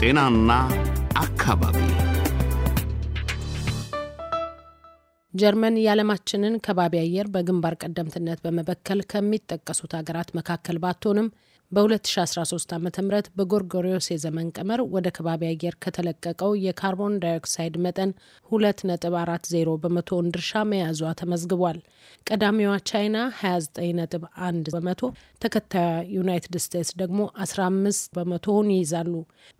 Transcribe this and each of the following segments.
ጤናና አካባቢ ጀርመን የዓለማችንን ከባቢ አየር በግንባር ቀደምትነት በመበከል ከሚጠቀሱት ሀገራት መካከል ባትሆንም በ2013 ዓ ም በጎርጎሪዮስ የዘመን ቀመር ወደ ከባቢ አየር ከተለቀቀው የካርቦን ዳይኦክሳይድ መጠን 2.40 በመቶውን ድርሻ መያዟ ተመዝግቧል። ቀዳሚዋ ቻይና 29.1 በመቶ፣ ተከታዩዋ ዩናይትድ ስቴትስ ደግሞ 15 በመቶውን ይይዛሉ።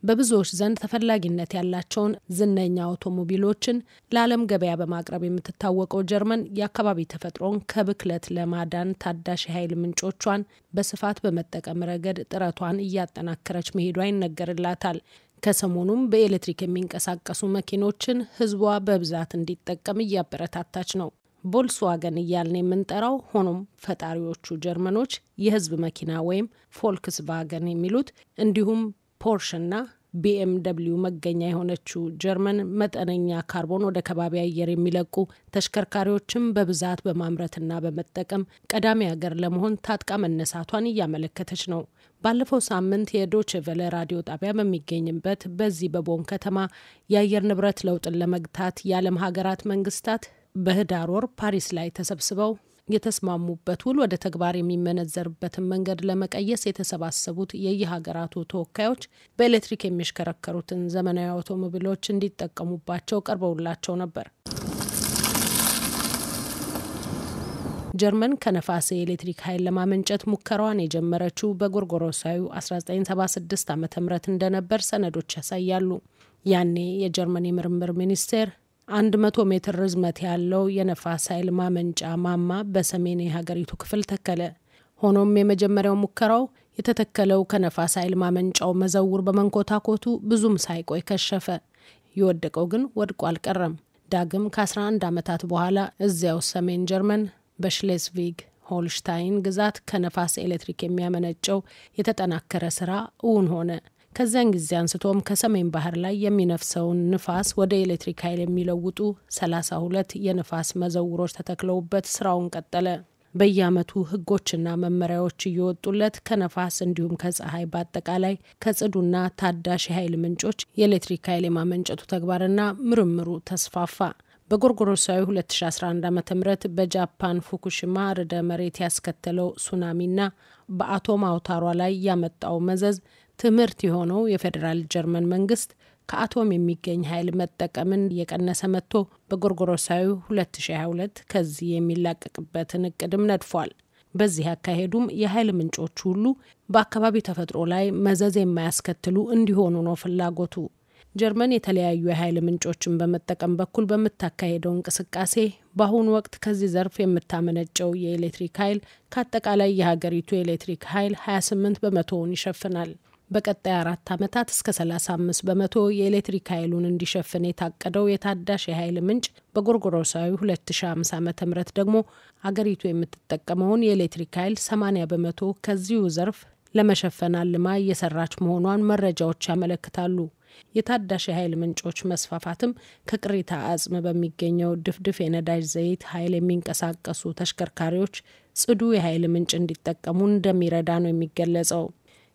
በብዙዎች ዘንድ ተፈላጊነት ያላቸውን ዝነኛ አውቶሞቢሎችን ለዓለም ገበያ በማቅረብ የምትታወቀው ጀርመን የአካባቢ ተፈጥሮን ከብክለት ለማዳን ታዳሽ የኃይል ምንጮቿን በስፋት በመጠቀም ረገድ ጥረቷን እያጠናከረች መሄዷ ይነገርላታል። ከሰሞኑም በኤሌክትሪክ የሚንቀሳቀሱ መኪኖችን ህዝቧ በብዛት እንዲጠቀም እያበረታታች ነው። ቮልስዋገን እያልን የምንጠራው ሆኖም ፈጣሪዎቹ ጀርመኖች የህዝብ መኪና ወይም ፎልክስ የሚሉት እንዲሁም ፖርሽና ቢኤምደብሊው መገኛ የሆነችው ጀርመን መጠነኛ ካርቦን ወደ ከባቢ አየር የሚለቁ ተሽከርካሪዎችን በብዛት በማምረትና በመጠቀም ቀዳሚ ሀገር ለመሆን ታጥቃ መነሳቷን እያመለከተች ነው። ባለፈው ሳምንት የዶች ቨለ ራዲዮ ጣቢያ በሚገኝበት በዚህ በቦን ከተማ የአየር ንብረት ለውጥን ለመግታት የዓለም ሀገራት መንግስታት በህዳር ወር ፓሪስ ላይ ተሰብስበው የተስማሙበት ውል ወደ ተግባር የሚመነዘርበትን መንገድ ለመቀየስ የተሰባሰቡት የየሀገራቱ ተወካዮች በኤሌክትሪክ የሚሽከረከሩትን ዘመናዊ አውቶሞቢሎች እንዲጠቀሙባቸው ቀርበውላቸው ነበር። ጀርመን ከነፋስ የኤሌክትሪክ ኃይል ለማመንጨት ሙከራዋን የጀመረችው በጎርጎሮሳዊ 1976 ዓ ም እንደነበር ሰነዶች ያሳያሉ። ያኔ የጀርመን የምርምር ሚኒስቴር አንድ መቶ ሜትር ርዝመት ያለው የነፋስ ኃይል ማመንጫ ማማ በሰሜን የሀገሪቱ ክፍል ተከለ። ሆኖም የመጀመሪያው ሙከራው የተተከለው ከነፋስ ኃይል ማመንጫው መዘውር በመንኮታኮቱ ብዙም ሳይቆይ ከሸፈ። የወደቀው ግን ወድቆ አልቀረም። ዳግም ከ11 ዓመታት በኋላ እዚያው ሰሜን ጀርመን በሽሌስቪግ ሆልሽታይን ግዛት ከነፋስ ኤሌክትሪክ የሚያመነጨው የተጠናከረ ስራ እውን ሆነ። ከዚያን ጊዜ አንስቶም ከሰሜን ባህር ላይ የሚነፍሰውን ንፋስ ወደ ኤሌክትሪክ ኃይል የሚለውጡ 32 የንፋስ መዘውሮች ተተክለውበት ስራውን ቀጠለ። በየአመቱ ህጎችና መመሪያዎች እየወጡለት ከነፋስ እንዲሁም ከፀሐይ በአጠቃላይ ከጽዱና ታዳሽ የኃይል ምንጮች የኤሌክትሪክ ኃይል የማመንጨቱ ተግባርና ምርምሩ ተስፋፋ። በጎርጎሮሳዊ 2011 ዓ ም በጃፓን ፉኩሽማ ርዕደ መሬት ያስከተለው ሱናሚና በአቶም አውታሯ ላይ ያመጣው መዘዝ ትምህርት የሆነው የፌዴራል ጀርመን መንግስት ከአቶም የሚገኝ ኃይል መጠቀምን እየቀነሰ መጥቶ በጎርጎሮሳዊ 2022 ከዚህ የሚላቀቅበትን እቅድም ነድፏል። በዚህ አካሄዱም የኃይል ምንጮች ሁሉ በአካባቢ ተፈጥሮ ላይ መዘዝ የማያስከትሉ እንዲሆኑ ነው ፍላጎቱ። ጀርመን የተለያዩ የኃይል ምንጮችን በመጠቀም በኩል በምታካሄደው እንቅስቃሴ በአሁኑ ወቅት ከዚህ ዘርፍ የምታመነጨው የኤሌክትሪክ ኃይል ከአጠቃላይ የሀገሪቱ የኤሌክትሪክ ኃይል 28 በመቶውን ይሸፍናል። በቀጣይ አራት ዓመታት እስከ 35 በመቶ የኤሌክትሪክ ኃይሉን እንዲሸፍን የታቀደው የታዳሽ የኃይል ምንጭ በጎርጎሮሳዊ 2050 ዓ ም ደግሞ አገሪቱ የምትጠቀመውን የኤሌክትሪክ ኃይል 80 በመቶ ከዚሁ ዘርፍ ለመሸፈን አልማ እየሰራች መሆኗን መረጃዎች ያመለክታሉ። የታዳሽ የኃይል ምንጮች መስፋፋትም ከቅሪታ አጽም በሚገኘው ድፍድፍ የነዳጅ ዘይት ኃይል የሚንቀሳቀሱ ተሽከርካሪዎች ጽዱ የኃይል ምንጭ እንዲጠቀሙ እንደሚረዳ ነው የሚገለጸው።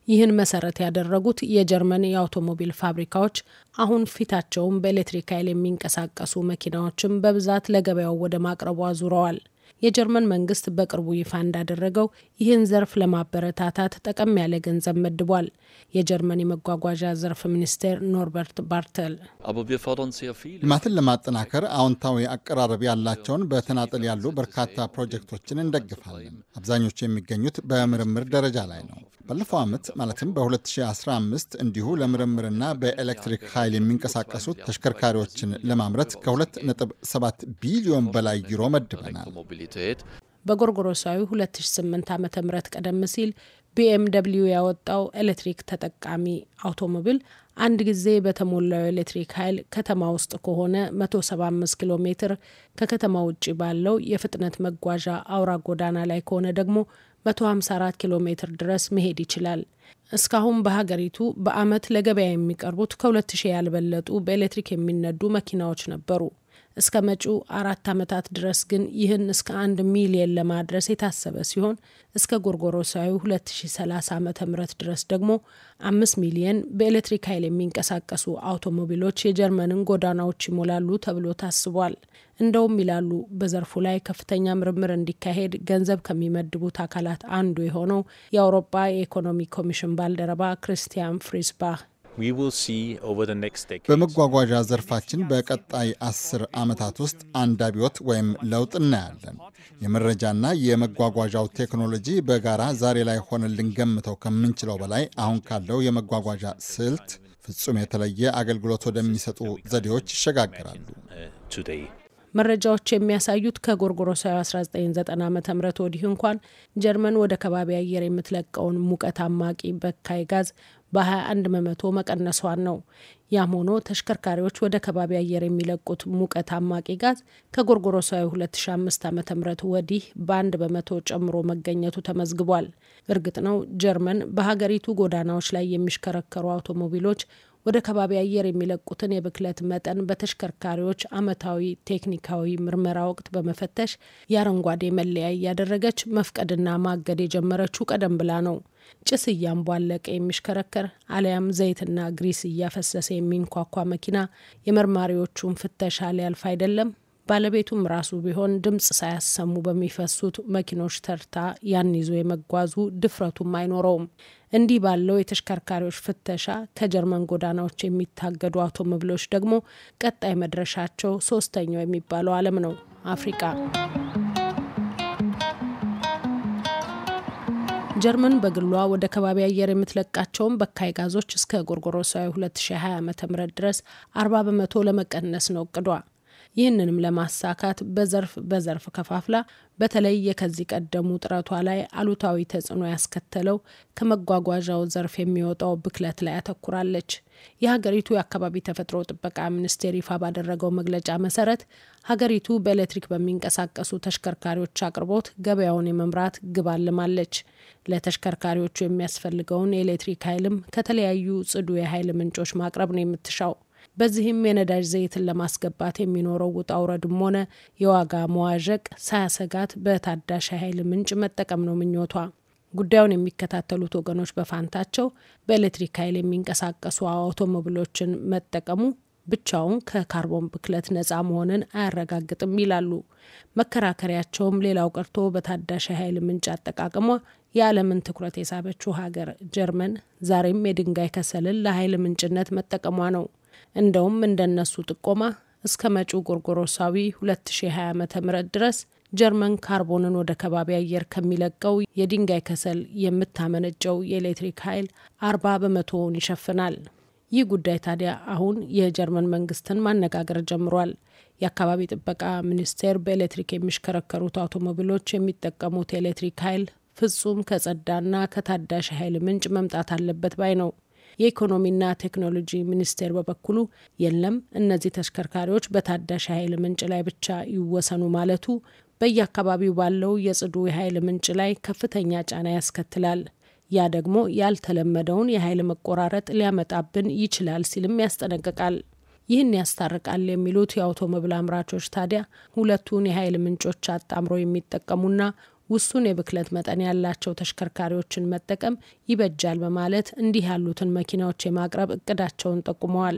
ይህን መሰረት ያደረጉት የጀርመን የአውቶሞቢል ፋብሪካዎች አሁን ፊታቸውን በኤሌክትሪክ ኃይል የሚንቀሳቀሱ መኪናዎችን በብዛት ለገበያው ወደ ማቅረቡ አዙረዋል። የጀርመን መንግስት በቅርቡ ይፋ እንዳደረገው ይህን ዘርፍ ለማበረታታት ጠቀም ያለ ገንዘብ መድቧል። የጀርመን የመጓጓዣ ዘርፍ ሚኒስቴር ኖርበርት ባርተል ልማትን ለማጠናከር አዎንታዊ አቀራረብ ያላቸውን በተናጠል ያሉ በርካታ ፕሮጀክቶችን እንደግፋለን። አብዛኞቹ የሚገኙት በምርምር ደረጃ ላይ ነው። ባለፈው ዓመት ማለትም በ2015 እንዲሁ ለምርምርና በኤሌክትሪክ ኃይል የሚንቀሳቀሱ ተሽከርካሪዎችን ለማምረት ከ2.7 ቢሊዮን በላይ ዩሮ መድበናል። በጎርጎሮሳዊ 2008 ዓ ም ቀደም ሲል ቢኤምደብሊዩ ያወጣው ኤሌክትሪክ ተጠቃሚ አውቶሞቢል አንድ ጊዜ በተሞላው ኤሌክትሪክ ኃይል ከተማ ውስጥ ከሆነ 175 ኪሎ ሜትር፣ ከከተማ ውጭ ባለው የፍጥነት መጓዣ አውራ ጎዳና ላይ ከሆነ ደግሞ 154 ኪሎ ሜትር ድረስ መሄድ ይችላል። እስካሁን በሀገሪቱ በአመት ለገበያ የሚቀርቡት ከ2ሺ ያልበለጡ በኤሌክትሪክ የሚነዱ መኪናዎች ነበሩ። እስከ መጪው አራት ዓመታት ድረስ ግን ይህን እስከ አንድ ሚሊየን ለማድረስ የታሰበ ሲሆን እስከ ጎርጎሮሳዊ 2030 ዓ ም ድረስ ደግሞ አምስት ሚሊየን በኤሌክትሪክ ኃይል የሚንቀሳቀሱ አውቶሞቢሎች የጀርመንን ጎዳናዎች ይሞላሉ ተብሎ ታስቧል። እንደውም ይላሉ በዘርፉ ላይ ከፍተኛ ምርምር እንዲካሄድ ገንዘብ ከሚመድቡት አካላት አንዱ የሆነው የአውሮፓ የኢኮኖሚ ኮሚሽን ባልደረባ ክርስቲያን ፍሪስባህ በመጓጓዣ ዘርፋችን በቀጣይ አስር ዓመታት ውስጥ አንድ አብዮት ወይም ለውጥ እናያለን። የመረጃና የመጓጓዣው ቴክኖሎጂ በጋራ ዛሬ ላይ ሆነን ልንገምተው ከምንችለው በላይ አሁን ካለው የመጓጓዣ ስልት ፍጹም የተለየ አገልግሎት ወደሚሰጡ ዘዴዎች ይሸጋገራሉ። uh, መረጃዎች የሚያሳዩት ከጎርጎሮሳዊ 1990 ዓ ም ወዲህ እንኳን ጀርመን ወደ ከባቢ አየር የምትለቀውን ሙቀት አማቂ በካይ ጋዝ በ21 በመቶ መቀነሷን ነው። ያም ሆኖ ተሽከርካሪዎች ወደ ከባቢ አየር የሚለቁት ሙቀት አማቂ ጋዝ ከጎርጎሮሳዊ 2005 ዓ ም ወዲህ በአንድ በመቶ ጨምሮ መገኘቱ ተመዝግቧል። እርግጥ ነው ጀርመን በሀገሪቱ ጎዳናዎች ላይ የሚሽከረከሩ አውቶሞቢሎች ወደ ከባቢ አየር የሚለቁትን የብክለት መጠን በተሽከርካሪዎች አመታዊ ቴክኒካዊ ምርመራ ወቅት በመፈተሽ የአረንጓዴ መለያ እያደረገች መፍቀድና ማገድ የጀመረችው ቀደም ብላ ነው። ጭስ እያንቧለቀ የሚሽከረከር አሊያም ዘይትና ግሪስ እያፈሰሰ የሚንኳኳ መኪና የመርማሪዎቹን ፍተሻ ሊያልፍ አይደለም ባለቤቱም ራሱ ቢሆን ድምፅ ሳያሰሙ በሚፈሱት መኪኖች ተርታ ያን ይዞ የመጓዙ ድፍረቱም አይኖረውም። እንዲህ ባለው የተሽከርካሪዎች ፍተሻ ከጀርመን ጎዳናዎች የሚታገዱ አውቶሞቢሎች ደግሞ ቀጣይ መድረሻቸው ሶስተኛው የሚባለው ዓለም ነው፣ አፍሪቃ። ጀርመን በግሏ ወደ ከባቢ አየር የምትለቃቸውን በካይ ጋዞች እስከ ጎርጎሮሳዊ 2020 ዓ ም ድረስ 40 በመቶ ለመቀነስ ነው እቅዷ። ይህንንም ለማሳካት በዘርፍ በዘርፍ ከፋፍላ በተለይ የከዚህ ቀደሙ ጥረቷ ላይ አሉታዊ ተጽዕኖ ያስከተለው ከመጓጓዣው ዘርፍ የሚወጣው ብክለት ላይ አተኩራለች። የሀገሪቱ የአካባቢ ተፈጥሮ ጥበቃ ሚኒስቴር ይፋ ባደረገው መግለጫ መሰረት ሀገሪቱ በኤሌክትሪክ በሚንቀሳቀሱ ተሽከርካሪዎች አቅርቦት ገበያውን የመምራት ግብ አልማለች። ለተሽከርካሪዎቹ የሚያስፈልገውን የኤሌክትሪክ ኃይልም ከተለያዩ ጽዱ የኃይል ምንጮች ማቅረብ ነው የምትሻው። በዚህም የነዳጅ ዘይትን ለማስገባት የሚኖረው ውጣ ውረድም ሆነ የዋጋ መዋዠቅ ሳያሰጋት በታዳሽ ኃይል ምንጭ መጠቀም ነው ምኞቷ። ጉዳዩን የሚከታተሉት ወገኖች በፋንታቸው በኤሌክትሪክ ኃይል የሚንቀሳቀሱ አውቶሞቢሎችን መጠቀሙ ብቻውን ከካርቦን ብክለት ነፃ መሆንን አያረጋግጥም ይላሉ። መከራከሪያቸውም ሌላው ቀርቶ በታዳሽ ኃይል ምንጭ አጠቃቀሟ የዓለምን ትኩረት የሳበችው ሀገር ጀርመን ዛሬም የድንጋይ ከሰልን ለኃይል ምንጭነት መጠቀሟ ነው። እንደውም እንደነሱ ጥቆማ እስከ መጪው ጎርጎሮሳዊ 2020 ዓ ም ድረስ ጀርመን ካርቦንን ወደ ከባቢ አየር ከሚለቀው የድንጋይ ከሰል የምታመነጨው የኤሌክትሪክ ኃይል 40 በመቶውን ይሸፍናል። ይህ ጉዳይ ታዲያ አሁን የጀርመን መንግስትን ማነጋገር ጀምሯል። የአካባቢ ጥበቃ ሚኒስቴር በኤሌክትሪክ የሚሽከረከሩት አውቶሞቢሎች የሚጠቀሙት የኤሌክትሪክ ኃይል ፍጹም ከጸዳና ከታዳሽ ኃይል ምንጭ መምጣት አለበት ባይ ነው። የኢኮኖሚና ቴክኖሎጂ ሚኒስቴር በበኩሉ የለም እነዚህ ተሽከርካሪዎች በታዳሽ የኃይል ምንጭ ላይ ብቻ ይወሰኑ ማለቱ በየአካባቢው ባለው የጽዱ የኃይል ምንጭ ላይ ከፍተኛ ጫና ያስከትላል። ያ ደግሞ ያልተለመደውን የኃይል መቆራረጥ ሊያመጣብን ይችላል ሲልም ያስጠነቅቃል። ይህን ያስታርቃል የሚሉት የአውቶሞቢል አምራቾች ታዲያ ሁለቱን የኃይል ምንጮች አጣምሮ የሚጠቀሙና ውሱን የብክለት መጠን ያላቸው ተሽከርካሪዎችን መጠቀም ይበጃል በማለት እንዲህ ያሉትን መኪናዎች የማቅረብ እቅዳቸውን ጠቁመዋል።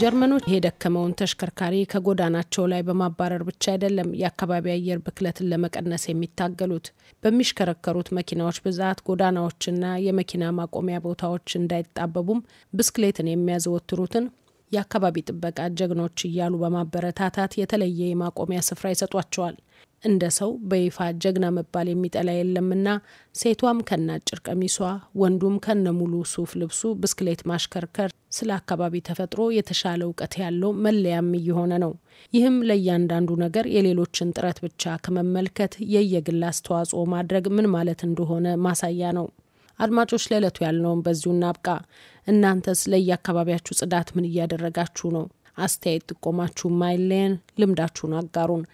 ጀርመኖች የደከመውን ተሽከርካሪ ከጎዳናቸው ላይ በማባረር ብቻ አይደለም የአካባቢ አየር ብክለትን ለመቀነስ የሚታገሉት። በሚሽከረከሩት መኪናዎች ብዛት ጎዳናዎችና የመኪና ማቆሚያ ቦታዎች እንዳይጣበቡም ብስክሌትን የሚያዘወትሩትን የአካባቢ ጥበቃ ጀግኖች እያሉ በማበረታታት የተለየ የማቆሚያ ስፍራ ይሰጧቸዋል። እንደ ሰው በይፋ ጀግና መባል የሚጠላ የለምና ሴቷም ከነ አጭር ቀሚሷ፣ ወንዱም ከነ ሙሉ ሱፍ ልብሱ ብስክሌት ማሽከርከር ስለ አካባቢ ተፈጥሮ የተሻለ እውቀት ያለው መለያም እየሆነ ነው። ይህም ለእያንዳንዱ ነገር የሌሎችን ጥረት ብቻ ከመመልከት የየግል አስተዋጽኦ ማድረግ ምን ማለት እንደሆነ ማሳያ ነው። አድማጮች ለዕለቱ ያልነውን በዚሁ እናብቃ። እናንተስ ለየአካባቢያችሁ ጽዳት ምን እያደረጋችሁ ነው? አስተያየት ጥቆማችሁ ማይለየን፣ ልምዳችሁን አጋሩን።